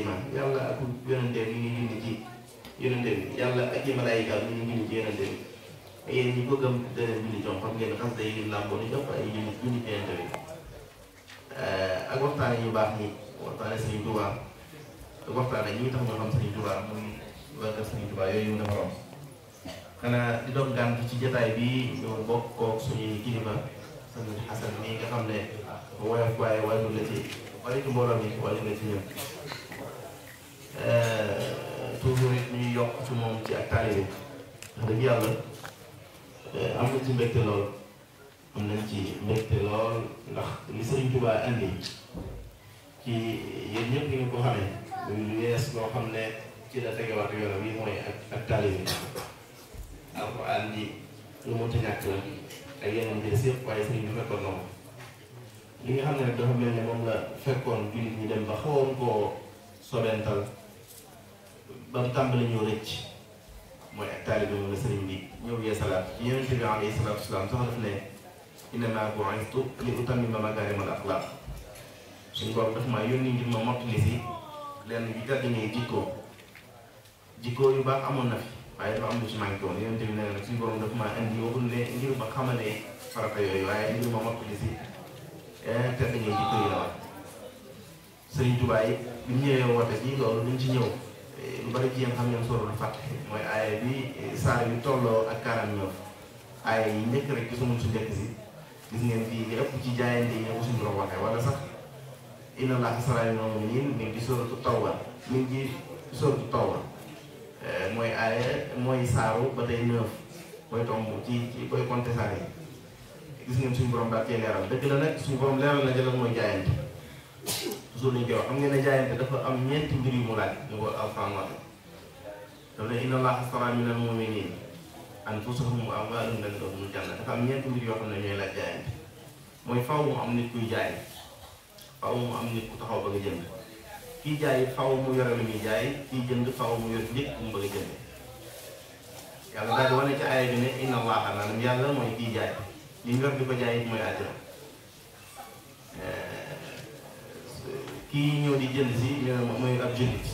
iman yàlla ak yonenteem ñu ngi bind ci yonenteem yàlla ak i malaayika ñu ngi bind ci yonenteem yéen ñi ko gëm dana bind ci xam ngeen xas day lim làmboo ni jox ay bind bind ci yonente bi ak waxtaane yu baax ñi waxtaane Sëriñ Tuubaa ak waxtaane ñi tax nga xam Sëriñ Tuubaa muy waa kër Sëriñ Tuubaa yooyu nga xam xanaa di doon gànt ci jotaay bi ñu bokk koog suñuy kilifa sëriñ Xasan mi nga xam ne woyof waaye wàllu la ci wàllu mbooloo mi wàllu la ci ñoom Euh, toujours it ñuy yokk ci moom ci ak taalibe wax dëgg yàlla euh, am na ci mbégte lool am nañ ci mbégte lool ndax li Sëriñ Tuubaa andi ci yéen ñëpp ñu ko xamee lu yees loo xam ne ci la tegewaat yoonam yi mooy ak ak taalibe alxuraan ji lu mu ta ñàkk la ak yeneen des nga xam ne nag dafa mel ne moom la fekkoon jullit dem ba xawoon koo sobental ba mu tàmbali ñëw rëcc mooy ak taalibe moom la sëriñ bi yeesalaat yonent bi alayhi salaatu wasalaam sax daf ne innamaa bu'istu li utammima makaarimal axlaaq suñu borom daf maa yónni ngir ma mottali si lenn bi gàddu ngay jikkoo jikkoo yu baax amoon na fi waaye dafa am lu ci manqué woon yonent bi nee na suñu borom daf maa ma xamalee farata yooyu waaye ngir ma mottali si eh, tedd ngay jikkoo yi la mu ñëwee ñëw. lu bari ci yéen xam ngeen sóoratul Fatiha mooy aaya bi eh, saa yu tolloo ak 49 aaya yi njëkk rek ci suñu su njëkk si gis ngeen fii li ëpp ci jaayante yi ñoo ko suñu borom waxee wala sax inna Allaha shtaraa minal mu'miniina mi ngi ci sóoratu Tawba mi ngi ci sóoratu Tawba eh, mooy aaya mooy saaru ba tey neuf booy tomb ci ci booy compter yi gis ngeen suñu borom daal cee leeral dëgg la nag suñu borom leeral na jëlal mooy jaayante. toujours lañu koy wax xam ngeen jaayante dafa am ñeenti mbir yu mu laaj ñu ko wax daf ne inna allaha stara xam ne mooy faaw mu am nit kuy jaay faaw mu am nit ku taxaw bëgg a jënd kii jaay faaw mu yore lu muy jaay kii jënd faaw mu yor nit ku mu bëgg jënd yàlla daal wane ci aaya bi ne inna allaha naan yàlla mooy kii jaay li mu yor ko jaay mooy àjjana eh, kii ñëw di jënd si ñu ne mooy ab jullit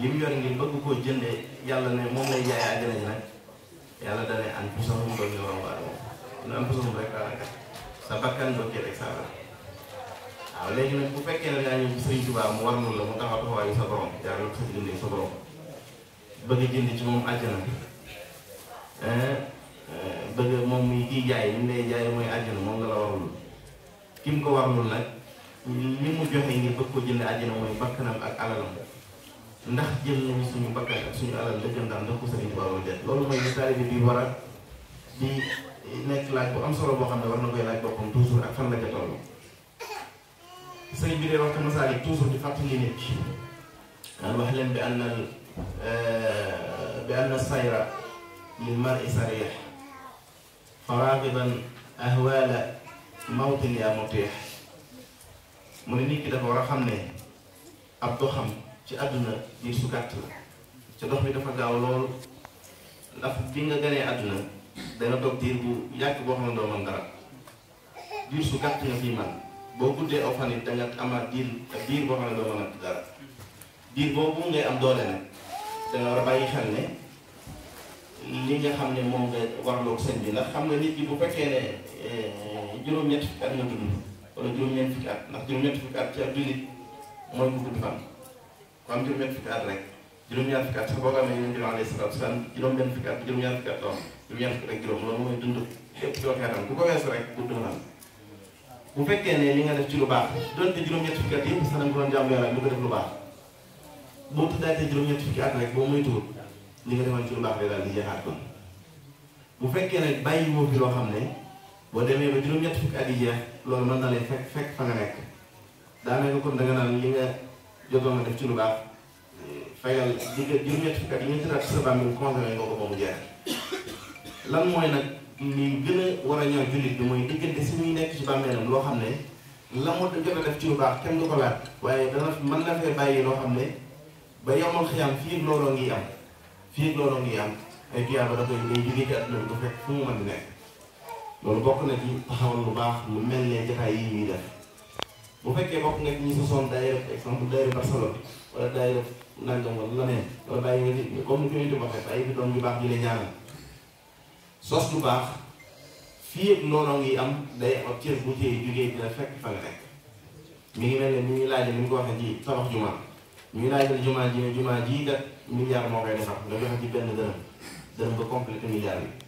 li mu yor ngir bëgg koo jëndee yàlla ne moom lay jaay àjjana ji nag yàlla da ngay ànd bu sax mu doon waa dama am bu rek daanaka sa bakkan doo sa waaw léegi nag la mu taxaw taxawaayu sa borom jaarul sa borom bëgg jënd ci moom àjjana eh, eh, bëgg moom kii jaay li mu lay jaay mooy àjjana moom nga la warul ki mu ko warlul nag. ñun ñi mu joxe ñu bëgg ko jënd àjjana mooy bakkanam ak alalam ndax jël nañu suñu bakkan ak suñu alal la jëndaan ndax ko sëriñ Baba jël loolu mooy li taalibe bi war a di nekk laaj bu am solo boo xam ne war na koy laaj boppam toujours ak fan la ca toll sëriñ bi dee wax ci masaalik toujours di fàttali nit ki naan wax leen bi ànd na bi ànd na sayra lil mari sarix faraqiban ahwala mawtin yaa mutiix mu ne nit ki dafa war a xam ne ab doxam ci àdduna di su gàtt la ca dox bi dafa gaaw lool ndax bi nga ganee àdduna danga toog diir bu yàgg boo xam ne doo dara diir su gàtt nga fii man boo guddee aw fan it danga amaat diir diir boo xam ne doo a dara diir boobu ngay am doole nag danga war a bàyyi xel ne li nga xam ne moom nga warloog sëñ bi ndax xam nga nit bi bu fekkee ne eh, juróom-ñett at nga dund wala juróom-ñeent fukki at ndax juróom-ñeent fukki at ci ab jullit mooy ku gudd fan ku am juróom-ñeent fukki at rek juróom-ñaar fukki at sax boo ko amee yonent bi alayhi salaatu salaam juróom-benn fukki at juróom-ñaar fukki at juróom-ñaar fukki ak juróom loolu mooy dund lépp ci waxeetam ku ko weesu rek gudd fan bu fekkee ne li nga def ci lu baax donte juróom-ñett fukki at yëpp sax da nga ko doon jàmm yàlla lu ko def lu baax boo tuddaatee juróom-ñett fukki at rek boo muy tuur li nga defoon ci lu baax lay daal di jeexaat kon bu fekkee ne bàyyi woo fi loo xam ne boo demee ba juróom-ñett fukki at loolu mën na lay fekk fekk fa nga nekk daanaka kon da nga naan li nga jotoon def ci lu baax fayal di juróom-ñett fukki at yi nga ko ba mu jeex lan loo xam ne la waaye dana na fee loo xam ne ba fii looloo ngi am fekk fu mu mën nekk loolu bokk na ci taxawal bu baax mu mel ne jotaay yi ñuy def bu fekkee bokk nga ci ñi sosoon daayira exemple daayira Barcelone wala daayira nangam wala leneen wala bàyyi nga comme ni ko nit waxee bàyyi fi doom yu baax ñu la ñaanal sos lu baax fii ak am day am bu cee jugee dina fekk fa nga nekk mi ngi mel ne ñu ngi laajal ni ñu ko waxee ci tabax jumaa ñu ngi laajal jumaa ji ne jumaa jii kat milliard moo koy defar nga joxe ci benn dërëm dërëm ba complété milliard bi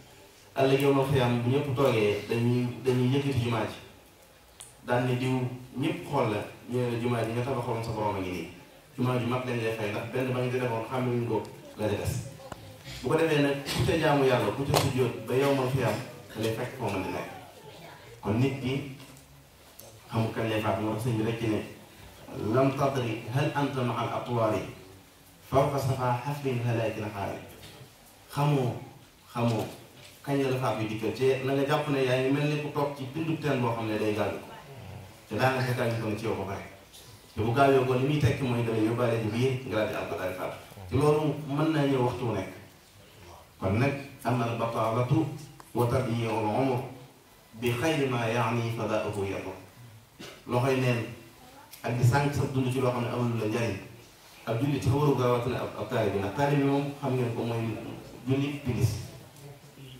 ëllëg yow ma xiyaam bu ñëpp toogee dañuy dañuy yëkkati jumaa ji daan ne diw ñëpp xool la ñu ne la jumaa ji nga tabaxoon sa borom a ngi nii jumaa ju mag lañ lay fay ndax benn ba nga defoon xam ne ñu ko la des bu ko defee nag ku ca jaamu yàlla ku ca sujjóot ba yow ma xiyaam da lay fekk foo mën di nekk kon nit ki xamul kañ lay faatu moo tax sëñ bi rek ci ne lam tadri hal anta ma al atwaari fawqa safa xafin halaakin xaari xamoo xamoo kañ la la faa koy dikkal ci na nga jàpp ne yaa ngi mel ni ku toog ci bindub teen boo xam ne day gàll ko te daanaka gàll ko ne ci yow ba pare te bu gaawee ko li muy tekki mooy dana yóbbaale ji biir nga daal di am ko daal di faatu te loolu mën naa ñëw waxtu nekk kon nag am na bataalatu wa tadyiul umr bi xayri ma yaani fadaauhu yadur loxoy neen ak di sànq sa dund ci loo xam ne amul la njariñ ak julli ci waru gaawaat ne ab taalibi ndax taalibi moom xam ngeen ko mooy julli pilis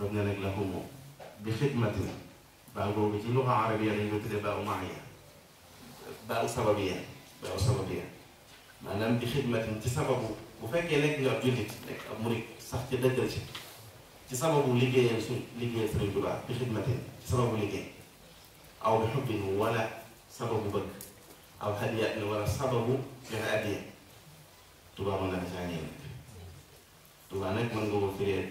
دعنا نقلهم بخدمة بعض وبتي لغة عربية لأن كنت بقوا معي بقوا سببيا بقوا سببيا ما نم بخدمة تسبب وفاجئ لك لأجلك لك أمرك سخت لدرجة تسبب لجي لجي سرير دولار بخدمة تسبب لجي أو بحب ولا سبب بك أو هدية ولا سبب لها أدية تبقى من الثانية تبقى نك من قبل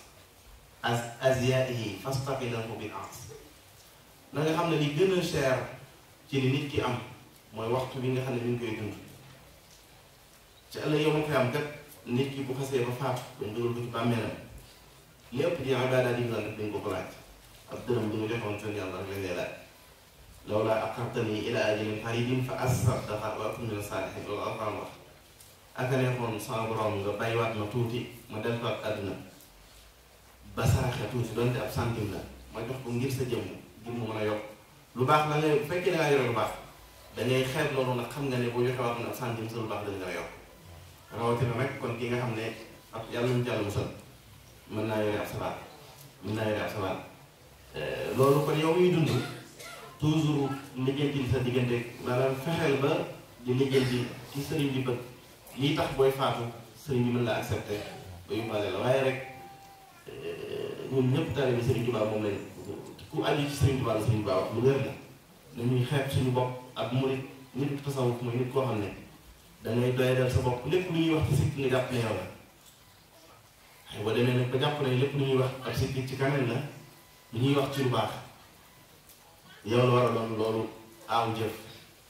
aziyaatihi fastaqilahu bil ars na nga xam ne li gën a cher ci ni nit ki am mooy waxtu bi nga xam ne mi ngi koy dund ci ëllëg yow ma koy am kat nit ki bu xasee ba faatu dañ dugal ko ci bàmmeelam lépp di ibaadaat yi nga def dañ ko ko laaj ab dërëm bi nga joxoon seen yàlla rek lañ lay laaj lawlaa axartanii ilaa ajalin qariibin fa asaddaqa wa akun mina saalihiin loolu alxuraan wax ak a neexoon sama borom nga bàyyiwaat ma tuuti ma delluwaat àdduna ba saraxee tuuti doonte ab centime la ma dox ko ngir sa jëmm ngir mu mën a yokk lu baax la ngay fekkee da ngaa yore lu baax da ngay xeeb loolu nag xam nga ne boo joxe waat na ab centime sa lu baax dañ la yokk rawatina nag kon ki nga xam ne ab yàlla ñu jàll musal mën naa yore ab sabar mën naa yore ab sabar euh, loolu kon yow muy dund toujours lijjanti sa diggante maanaam fexeel ba di lijjanti ci sëriñ bi bët lii tax booy faatu sëriñ bi mën la accepté ba yóbbaale la waaye rek. ñoom ñëpp taalibe Serigne Touba moom lañ ku aji ci Serigne Touba la Serigne Ba wax lu wér la dañuy xeeb suñu bopp ak murit nit tasawuf mooy nit koo xam ne dangay doy dal sa bopp lépp lu ñuy wax ci sikk nga jàpp ne yow la xëy boo demee nag ba jàpp ne lépp lu ñuy wax ak sikk ci kanam la lu ñuy wax ci lu baax yow la war a doon loolu aaw jëf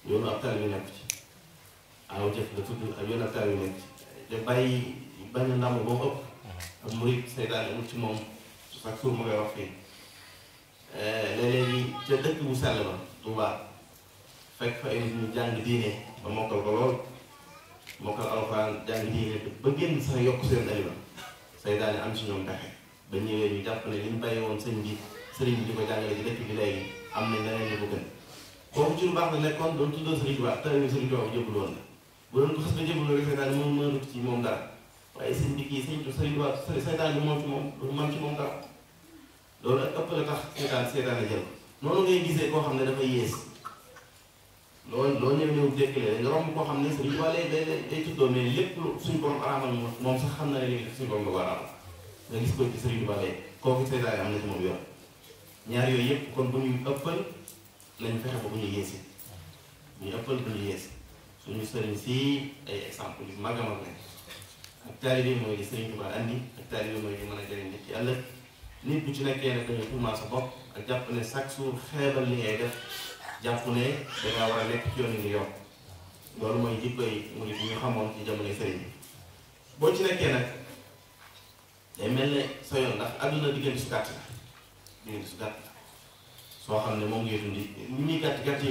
yoonu ab taalibe nekk ci jëf ak ci bañ a ndàmm boo ak ci chaque jour ma koy wax fii eh, léeg-léegi ca dëkk bu sell ba Tuubaa fekk fa ay jàng diine ba mokkal ko lool mokkal alxuraan jàng diine ba génn sax yokk seen dali ba say daane am si ñoom taxe ba ñëwee ñu jàpp ne li ñu woon sëñ bi sëriñ bi di ko jàngale ci bi léegi am nañ leneen ñu ko gën kooku ci lu baax la nekkoon doon tuddoo sëriñ bi baax bi baax jëbbul woon la bu doon ko xas moom mënut moom dara waaye sëñ bi kii sëñ bi sëriñ bi baax say daane moom ci moom loolu ak ëpp la tax seetaan seetaan jël noonu ngay gisee koo xam ne dafa yées loolu loo ñëw ñëw dékklee nga romb koo xam ne sëriñ Tuubaa day day tuddoo mais lépp lu suñ xam na ne léegi suñ borom lu ko araamal nga gis ko ci sëriñ Tuubaa day kooku seetaan yi am na ci moom yoon ñaar yooyu yëpp kon bu ñuy ëppal nañ fexe ba bu ñu yéesi bu ñu ëppal bu ñu yéesi suñu sëriñ si ay exemple yu mag a mag ne ak taalibe mooy li sëriñ Tuubaa andi ak taalibe mooy li mën a jëriñ nit ci nit bu ci nekkee nag da nga tuumaal sa bopp ak jàpp ne chaque jour xeebal li ngay def jàpp ne da war a nekk ci yoon yi ñu yokk loolu mooy jikko yi xamoon ci jamono sëriñ bi boo ci nekkee sa yoon ndax xam ne moom ngay moo ko gën a gàtt ci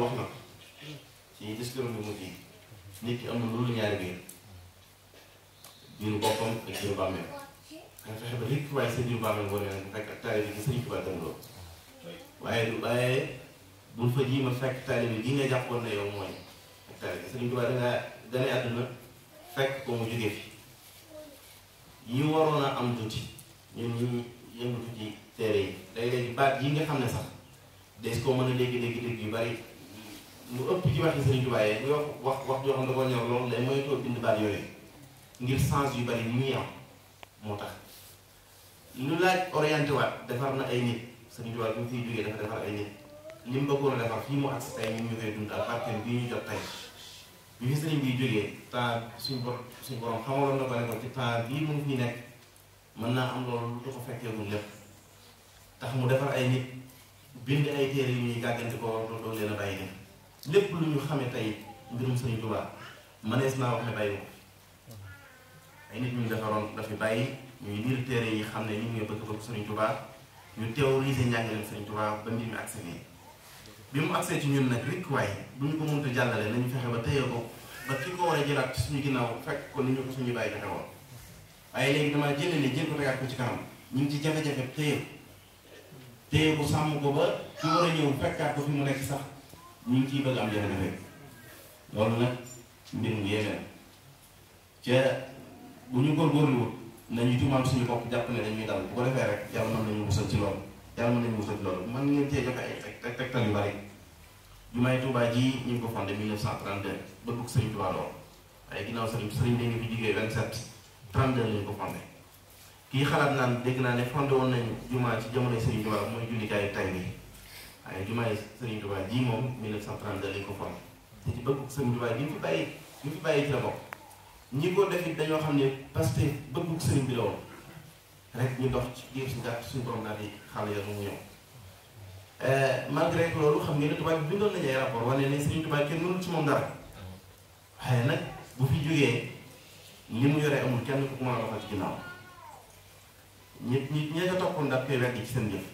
wax na ko ci ñaari biir ñun boppam ak suñu bàmmeel nga fexe ba li tubaay waaye du waaye bul fa ji ma fekk taalibe gi nga jàppoon na yow mooy ak taalibe sëñ Tuubaa dangaa gane àdduna fekk ko mu jógee ñu yëngatu ci téere yi léeg-léeg yi nga xam ne sax des koo mën a dégg dégg ëpp ci xam ne da ko ñor loolu day bind baat yooyu ngir sens yu bari muy am moo tax lu laaj orienté wat defar na ay nit sëñ Tuubaa bi mu fiy jógee dafa defar ay nit li mu bëggoon a defar fii mu ak sa tay ñu ñu koy dundal barkeel bi ñu jot tay bi fi sëriñ bi jogé ta suñu bor suñu borom xamaloon na ko ne ko ci ta bi mu fi nekk mën na am lool lu ko fekké fekkeegul lepp tax mu defar ay nit bind ay téré yi ñuy gàggante ko do do leena bàyyi lepp lu ñu xamee tey mbirum sëriñ Tuubaa mënees na wax ne bàyyi ko ay nit ñu defaroon dafi bàyyi ñuy niir téere yi xam ne ñu ngi bëgg-bëgg Sëriñ Tuubaa ñu théoriser njàngaleem Sëriñ Tuubaa ba mbir mi accès nii bi mu accès ci ñun nag rek waaye bu ñu ko mënta jàllale nañu fexe ba téye ko ba ki ko war a jëlaat ci suñu ginnaaw fekk ko ni ñu ko suñu ko ci kanam ñu ngi ci jafe-jafe téye téye ko sàmm ko ba ki war a ñëw fekkaat ko fi mu nekk sax ñu ngi ciy bëgg am jafe-jafe loolu nag mbir mu yéeme ca bu ñu góorgóorluwul nañu tuumaal suñu bopp jàpp ne dañuy dal bu ko defee rek yàlla mën nañu musal ci loolu yàlla mën nañu musal ci loolu mën ngeen cee joxe ay tegtal yu bari jumaay Tuubaa ji ñu ngi ko fondé 1932 bëgg ko sëriñ Tuubaa lool waaye ginnaaw sëriñ sëriñ bi ngi fi jigéey 27 32 lañu ko fondé kii xalaat naan dégg naa ne fondé woon ne jumaa ci jamonoy sëriñ Tuubaa mooy jullikaayu tay bi waaye jumaay sëriñ Tuubaa ji moom 1932 lañu ko fondé te ci bëgg ko sëriñ Tuubaa gi ñu fi bàyyi ñu fi bàyyi ci ñi ko defit dañoo xam ne parce que bëggu si bi la rek ñu dox ci diir si gàtt suñu borom daal di xàll yoon mu ñëw euh, malgré que loolu xam ne tubaab bi bindoon nañu kenn mënul ci moom dara waaye nag bu fi jógee li mu yoree amul kenn ku ko mën a waxal ci ñi ñi ñee ko toppoon daf koy wegg ci seen jëf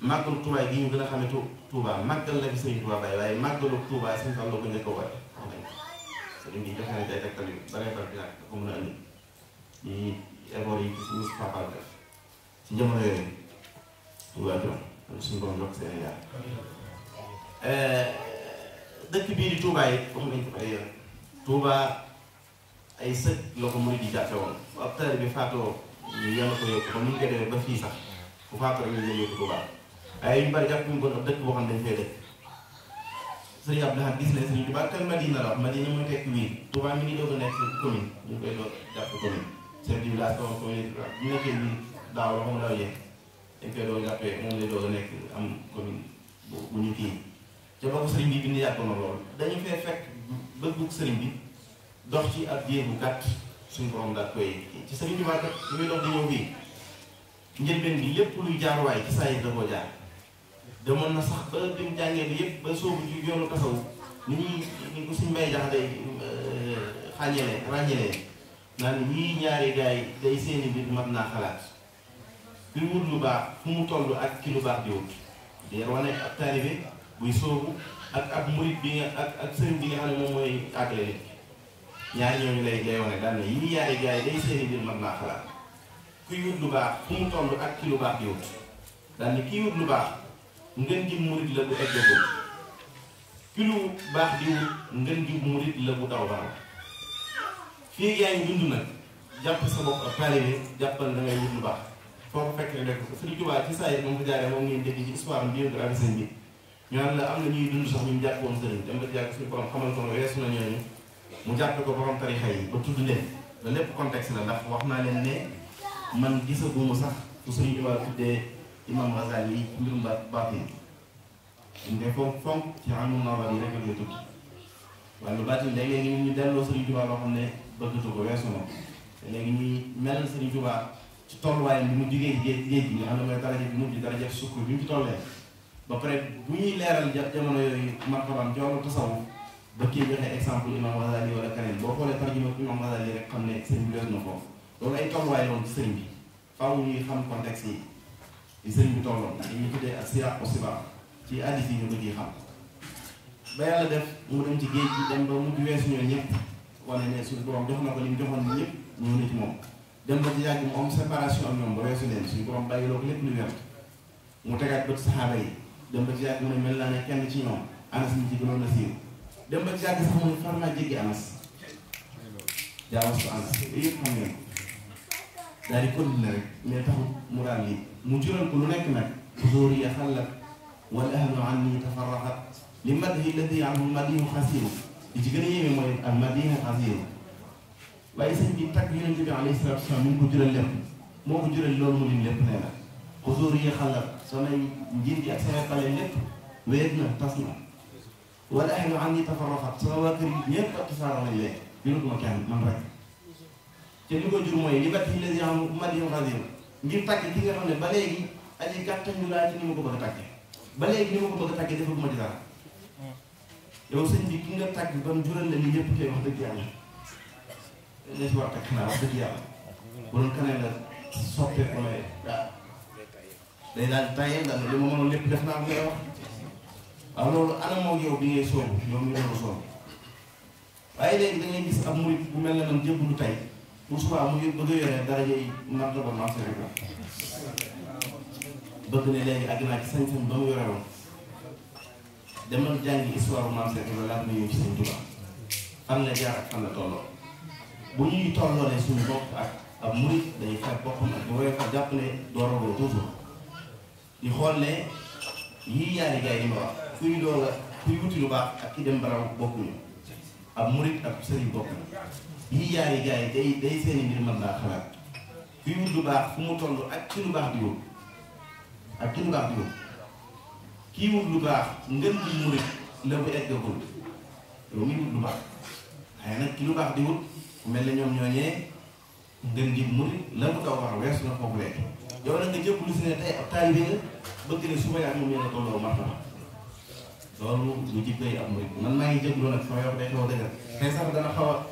màggalu Tuubaa gi ñu gën a xamee Tuubaa màggal la fi sëriñ Tuubaa bàyyi waaye màggalu Tuubaa seen fàlloo ko njëkk a parce que dañuy defaree day tegtal yu bëree bëri daal dafa mën a andi ci effort yi ci suñu Fapal def ci jamono yooyu ñu waajuram suñu borom yokk seen yaar dëkk bii di Touba yi comme nañ ko ay Touba ay sëg la ko murid di jàppe woon bu ab taalibe bi faatoo ñu yàlla ko yóbbu ba mu ngi ko defee ba fii sax bu faatoo rek ñu yóbbu Touba waaye ñu bari jàpp ñu bon ab dëkk boo xam ne dañ fay dëkk sëñ Abdou Lahad gis ne sëñ Tuubaa kan Madina la wax Madina mooy tekki wiir Tuubaa mi ngi doog a nekk commune ñu ngi koy doog jàpp commune chef du village comme commune bu nii daaw la xam daaw yéen dañ koy doog jàppee moom lay doog a nekk am commune bu bu ñu kii sëriñ bi bind yàgg na lool dañu fee fekk sëriñ bi dox ci ab diir bu gàtt suñu borom daal koy ci sëriñ Tuubaa kat li dox di ñëw fii bi lépp luy jaarwaay ci saa yi da jaar demoon na sax ba dem jàngee bi yëpp ba soobu ci yoonu tasawu ni ñuy ni ko euh, ñaari gars yi day seeni mbir mat naa xalaat bi lu baax fu mu toll ak ki lu baax di wut di wane ab ak ab bi nga ak ak bi nga xam ne moom mooy àggale nit ñaari ñooñu lay lay yi ñaari gars yi day seeni mbir naa xalaat kuy wut lu baax fu mu toll ak ki lu baax di wut daan na wut lu baax ngën gi murit la bu eggagul ki lu baax di wut ngën gi murit la bu daw baax fii yaa ngi nag jàpp sa bopp ak taalibe jàppal da wut lu baax foo ko fekk rek def ko Sëriñ ci saa yi moom ko jaaree moom ngeen dégg ci histoire biographie sëñ bi ñaan la am na ñuy dund sax ñu jàppoon sëriñ dem ba jàpp suñu borom ko ne na ñooñu mu jàpp ko borom tarixa yi ba tudd leen da lépp contexte la ndax wax naa leen ne man gisaguma sax ku Sëriñ Tuubaa imam Ghazali yi mbirum baat baat yi ñu ne foofu fonk ci amul nawar yi rek la tudd wàllu baat yi léeg-léeg ñu ñu delloo Serigne Touba loo xam ne bëggatu ko weesu na te léegi ñuy mel Serigne Touba ci tolluwaayam bi mu jugee géej géej gi nga xam ne mooy daraja bi mujj daraja sukkur bi mu ci tollee ba pare bu ñuy leeral jamono yooyu martabaam ci wàllu tasawuf ba kii joxe exemple imam Ghazali wala keneen boo xoolee tarjuma imam Ghazali rek xam ne sëñ bi weesu na foofu loolu ay tolluwaay loolu ci sëñ bi faaw ñuy xam contexte yi li sëriñ bi tolloon ndax dañuy tuddee ak sira ci addis yi ñu ko ciy xam ba yàlla def mu dem ci géej gi dem ba mujj weesu ñoo ñëpp wane ne suñu borom jox na ko li mu joxoon ñi ñëpp ñëw na ci moom dem ba ci yàgg mu am séparation ak ñoom ba weesu leen suñu borom bàyyiloo ko lépp lu wér mu tegaat bët saxaaba yi dem ba ci yàgg mu ne mel naa ne kenn ci ñoom anas mi ci gënoon na siiw dem ba ci yàgg sax mu ne far naa jéggi anas jaawas ko anas yëpp xam ngeen daal di continuer rek mais taxul mu daal yi mu jural ko lu nekk nag xusóor ya xallat wal ahlu anni tafarraxat li madhi ladi anhu madihu xasiru li ci gën a yéeme mooy al madihu xasiru waaye sëñ bi tag yonent bi alayhi salaatu salaam mi ngi ko jural lépp moo ko jural loolu mu lim lépp nee na xusóor ya xallat samay njiit yi ak samay pale lépp wéet na tas na wal ahlu anni tafarraxat sama waa kër yi ñëpp ak tasaara lañ leen jurut ma kenn man rek te li ko jur mooy li batti les gens Madiou Razine ngir tàgge ki nga xam ne ba léegi aji gàttañ ñu laa ci ni ma ko bëgg a tàgge ba léegi ni ma ko bëgg a tàgge dafa guma ci dara ki nga tàgg bam jural la ñu yëpp tey wax dëgg yàlla ne si war tàgg naa wax dëgg yàlla bu doon kanam ma mënoon lépp def naa ko ngay wax waaw soobu waaye léegi da gis ab murit bu mel ne man jébbalu tey Moussa mu ngi bëgg a yore dara yi naan la ba marché bëgg ne léegi àgg naa ci sañ-sañ ba mu yore demal jàngi histoire bu marché bi bu ñuy tolloolee suñu bopp ak ab murit dañuy fekk boppam ak bu wéy jàpp ne dooragoo toujours di xool ne yii yaari gars yi ma wax kuy loola kuy wuti lu baax ak ki dem baraw bokkuñu ab murit ak sëriñ bokkuñu. ñi jaay jaay day day seeni mbir mën naa xalaat kuy wut lu baax fu mu toll ak ci lu baax di ak ci lu baax di kii wut lu baax ngën gi murit la bu eggagul yow mi wut ñoom ñooñee ngën la bu kaw baax weesu na foofu lekk yow nag jëpp lu si ne tey ab taalibe bëgg ne suba yaa moom yéen a tolloo martaba loolu lu jibbay ab murit man maa ngi jëpp loolu nag sama yow day xaw a dëgër sax dana xaw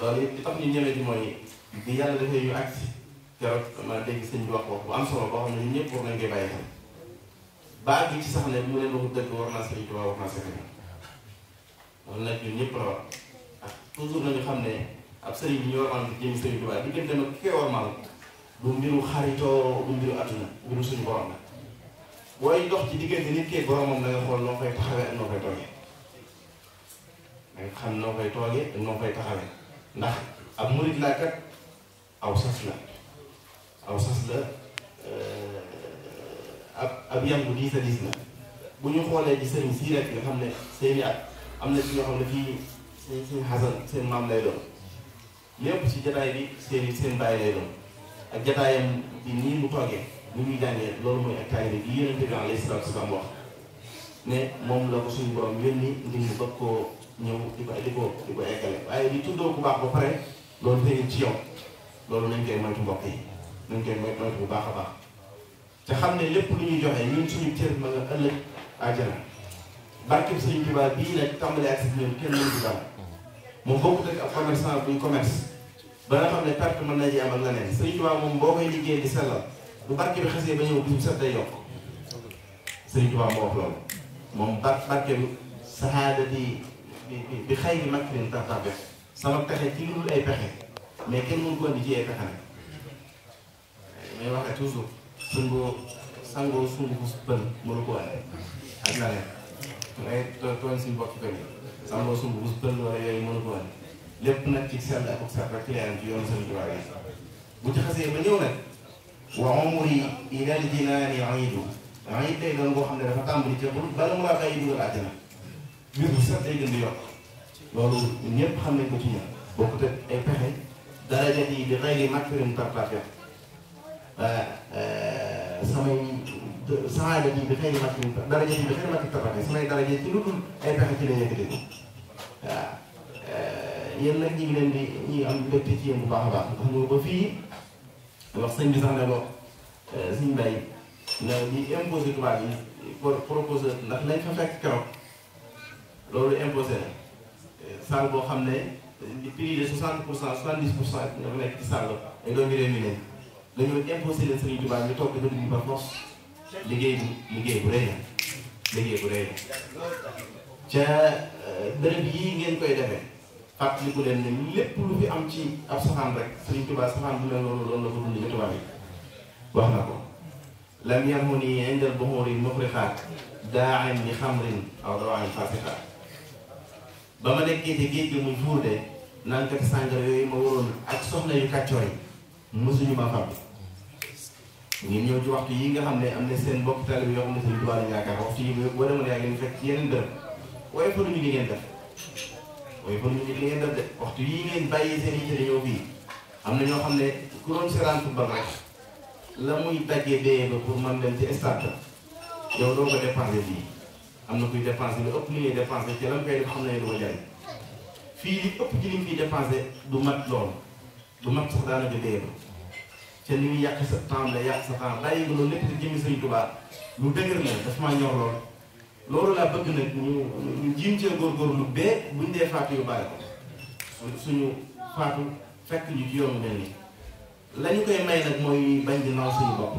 loolu it li tax ñu ñëwee ji mooy ni yàlla defee ñu agsi keroog ma dégg sëñ bi wax wax bu am solo boo xam ne ñun ñëpp war nañ koy bàyyi xel baag yi ci sax ne mu leen waxu dëgg war naa sëriñ Tuubaa war naa sëriñ loolu nag ñun ñëpp la war ak toujours nañu xam ne ab sëriñ bi ñu war a am jëm sëriñ Tuubaa di gën dem ak ki koy war maal du mbiru xaritoo du mbiru àdduna mbiru suñu borom la booy dox ci diggante nit kee boromam da nga xool noo koy taxawee ak noo koy toogee da nga xam noo koy toogee ak noo koy taxawee ndax ab murit laa kat aw sas la aw sas la euh, ab ab yam bu diis a diis la bu ñu xoolee ci sëriñ sii rek nga xam ne seeni at am na ci ñoo xam ne fii seen seen xasan seen maam lay doon lépp ci jataay bi seen seen bàyyi lay doon ak jataayam bi nii mu toogee ni muy jàngee loolu mooy ak taalibe bi yonente bi alayhi salaatu wasalaam wax ne moom la ko suñu borom yónni ngir ñu bëgg koo ñëw di ko di ko di ko eggale di tuddoo ku baax ba pare loolu feeñ ci yow loolu nañ koy moytu mbokk yi nañ koy moytu bu baax a baax te xam ne lépp lu ñuy joxe ñun suñu cër ma nga ëllëg àjjana barkeb Sëriñ Tuubaa bii nag tàmbali ak si ñoom kenn mënu ci ba nga xam ne perte mën na ji am ak leneen Sëriñ Tuubaa moom boo koy liggéey di sellal bu barke bi xasee ba ñëw duñ set day yokk Sëriñ Tuubaa moo wax loolu moom barke barke bi sahaadati bi bi bi xay bi mag fi leen tartar bes sama pexe ci lu ay pexe mais kenn mënu ci ay pexe nag may waxee toujours sungoo sangoo sungu bu bën mënu ko indi ak na leen ngay tooñ ni sangoo sungu bu bën wala yooyu mënu ko indi lépp nag ci sell ak ak sell rek leeram ci yoonu sëñ Tuubaa yi bu ci xasee ba ñëw nag wa umri ilal jinaani iidu iid day doon boo xam ne dafa tàmbali ca bul bala mu laa bàyyi dugal mbir bu set day gën di yokk loolu ñëpp xam nañ ko ci ñun bokk te ay pexe dara di di rey li mag euh, euh, samay samay la ji bi xëy na samay dara ja ci ay pexe ci la ñu dégg waaw euh, yéen nag ñi ngi leen di ñi am ci yéen bu baax a baax ndax ñoo ba fii wax sëñ bi sax ne ko suñu mbay na ñi imposé tubaab yi pour proposé ndax lañ fa loolu imposé na euh, salle boo xam ne euh, prix de 60 pour cent 70 pour cent nga nekk ci salle dañ doon rémunérer dañoo imposé leen Serigne Touba ñu toog dëgg ñu ba force liggéey bu liggéey bu rëy la liggéey bu rëy la ca euh, bërëb yii ngeen koy defee fàttaliku leen ne lépp lu fi am ci ab saxaan rek Serigne Touba saxaan bu mel noonu loolu la ko dund ci tubaab yi wax na ko lam yarhuni indal buxuuri muxrixaat daaxin li xamrin aw dawaaxin faasixaat ba ma nekkee ci géej gi muy fuude nankati sàngara yooyu ma waroon ak soxla yu kàccoor yi mosuñu ma fab ngeen ñëw ci waxtu yi nga xam ne am na seen mbokk talib yoo xam ne suñu tubaab yi boo demoon yaa waaye fa ñu li ngeen def de waxtu yi ngeen bàyyi seen yitte dañoo fii am na ñoo xam ne ku doon seetaan football rek la muy daggee dee ba pour man dem ci stade yow doo ko dépensé fii am na kuy dépensé lu ëpp li ngay dépensé ci lan koy def xam nañu du ko jariñ fii li ëpp ci li ñu fiy dépensé du mat loolu du mat sax daanaka dee ba te ni yàq sa temps la yàq sa temps bàyyi nga loolu lépp te jëmi Sëriñ Tuubaa lu dëgër na dafa maa laa bëgg yu bàyyi ko suñu faatu fekk ñu ci yoon mel nii la koy may nag mooy bañ di naw suñu bopp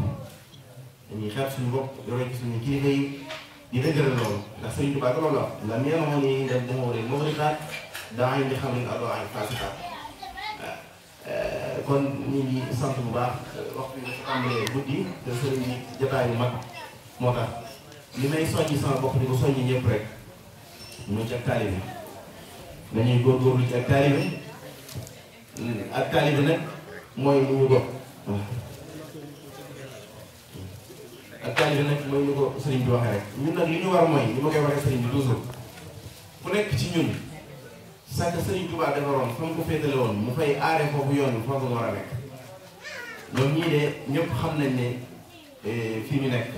dañuy xeeb suñu bopp yore suñu kilifa yi di dëgëral loolu ndax Sëriñ Tuubaa loolu la la neena moo nii def dama war a muxrixaat daa ngi di xam ne kon ñu ngi sant bu baax euh, waxtu bi dafa tàmbalee guddi te sëriñ bi jotaay mag moo li may soññi sama bopp di ko soññi ñëpp rek ñu ci ak taalibe dañuy góorgóorlu ci ak taalibe ak taalibe nag mooy lu ñu ak taal bi nag mooy ni ko sëriñ bi waxee rek ñun nag li ñu war mooy li ma koy waxee sëriñ bi toujours ku nekk ci ñun sànq sëriñ Tuubaa defaroon fa mu ko féetale woon mu fay aare foofu yoon bi foofu war a nekk ñoom ñii de ñëpp xam nañ ne eh, fii ñu nekk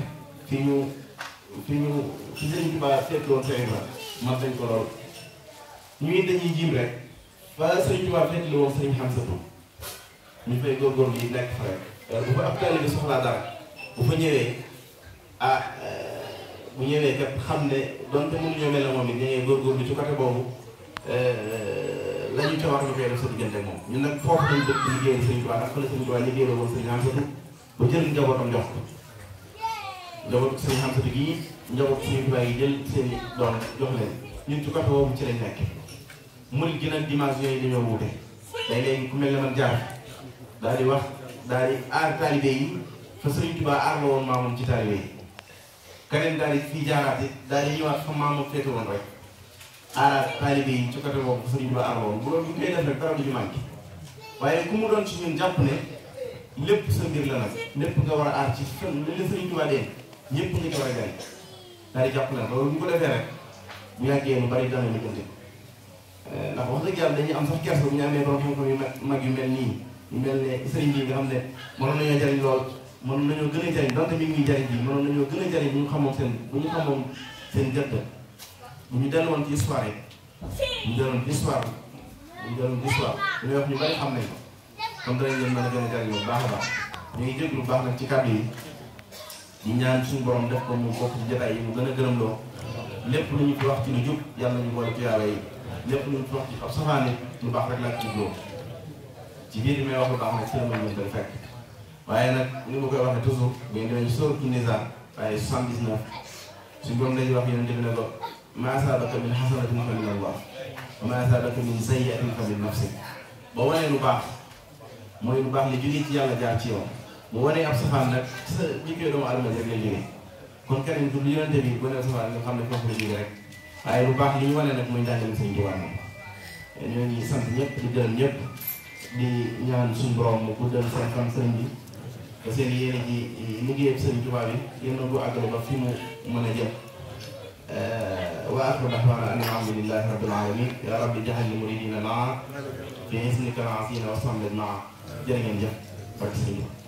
fii ñu fii ñu fi sëriñ Tuubaa seetloon sëriñ ba man dañ ko lool ñuy dañuy jiim rek wala sëriñ Tuubaa féetale woon sëriñ Xamsatu ñu fay góorgóorlu yi nekk fa rek eh, bu fa ab taalibe bi soxlaa dara bu fa ñëwee ah euh, bu ñëwee kat xam ne donte mënuñoo mel ne moom it ñu ngi góorgóorlu ci côté boobu euh, la ñuy tawaat ñu koy sa diggante moom. ñun nag foofu lañ dëkk liggéeyal Sëriñ Tuubaa ndax fële Sëriñ Tuubaa liggéeyaloo woon Sëriñ Amsatu yi jël seen i jox leen ñun ci boobu ci lañ nekk muy gën a dimanche yooyu dañoo wuute day ku mel ne man jaar daal di wax daal di aar taalibe yi fa Sëriñ Tuubaa aar la woon maamoon ci taalibe keneen daal di fi jaaraate daal di ñëwaat fa maam ma féete woon rek aaraat taalibe yi ci côté boobu sëriñ bi aar woon bu waaye ku mu doon ci ñun lépp sa la nag lépp nga war a aar ci fan li ñu ko a gën daal di jàpp leen loolu bu ñu ko defee rek bu eh, ndax wax dëgg yàlla dañuy am sax kersa bu ñu amee borom xam-xam mag yu mel nii yu mel ne sëriñ bi nga xam ne mënoon nañoo jëriñ lool mënoon nañoo gën a jariñ donte mi ngi ñuy jariñ bi mënoon nañoo gën a jariñ bu ñu xamoon seen bu ñu xamoon seen gëdd bu ñu delluwoon ci histoire yi ñu delluwoon ci ñu delluwoon ci histoire bi ñu ñu bari xam nañ ko a a bu baax a ñu ngi jéglu baax nag ci kàddu yi ñaan suñu borom def ko mu bokk ci jotaay yi mu gën a gërëm loo lépp lu fi wax ci lu jub yàlla ñu boole ci yi lépp lu ñu fi wax ci ab safaane lu baax rek laa ci jubloo ci biir may wax lu baax nag seen mën ñu waaye nag ñu ngi koy waxee toujours mais dinañ sóoratu Nisaa waaye 79 suñu borom dañuy wax yéen a ne ko maa asaabaka min xasanatin fa min Allah wa maa asaabaka min sayyi'atin fa min nafsik ba wanee lu baax mooy lu baax li jógee ci yàlla jaar ci yow mu wanee ab safaan nag sa jikkee doomu adama rek lay jógee kon keneen du nga xam ne foofu la jógee rek waaye lu baax li ñu wane nag muy njàngale Sëñ Tuubaa ñoo ngi sant ñëpp di gërëm ñëpp di ñaan suñu borom mu guddal seen fan sëñ bi ba seen yéene ji liggéeyam sëriñ Tuubaa bi yéen a ko àggale ba fi mu mën a jëm wa aaxiru da'waanaa an alhamdulillaahi rabbil aalamiin yaa rabbi ja'alnii muriidan maa bi iznika al-'aziim wa sammat maa jërë ngeen jëf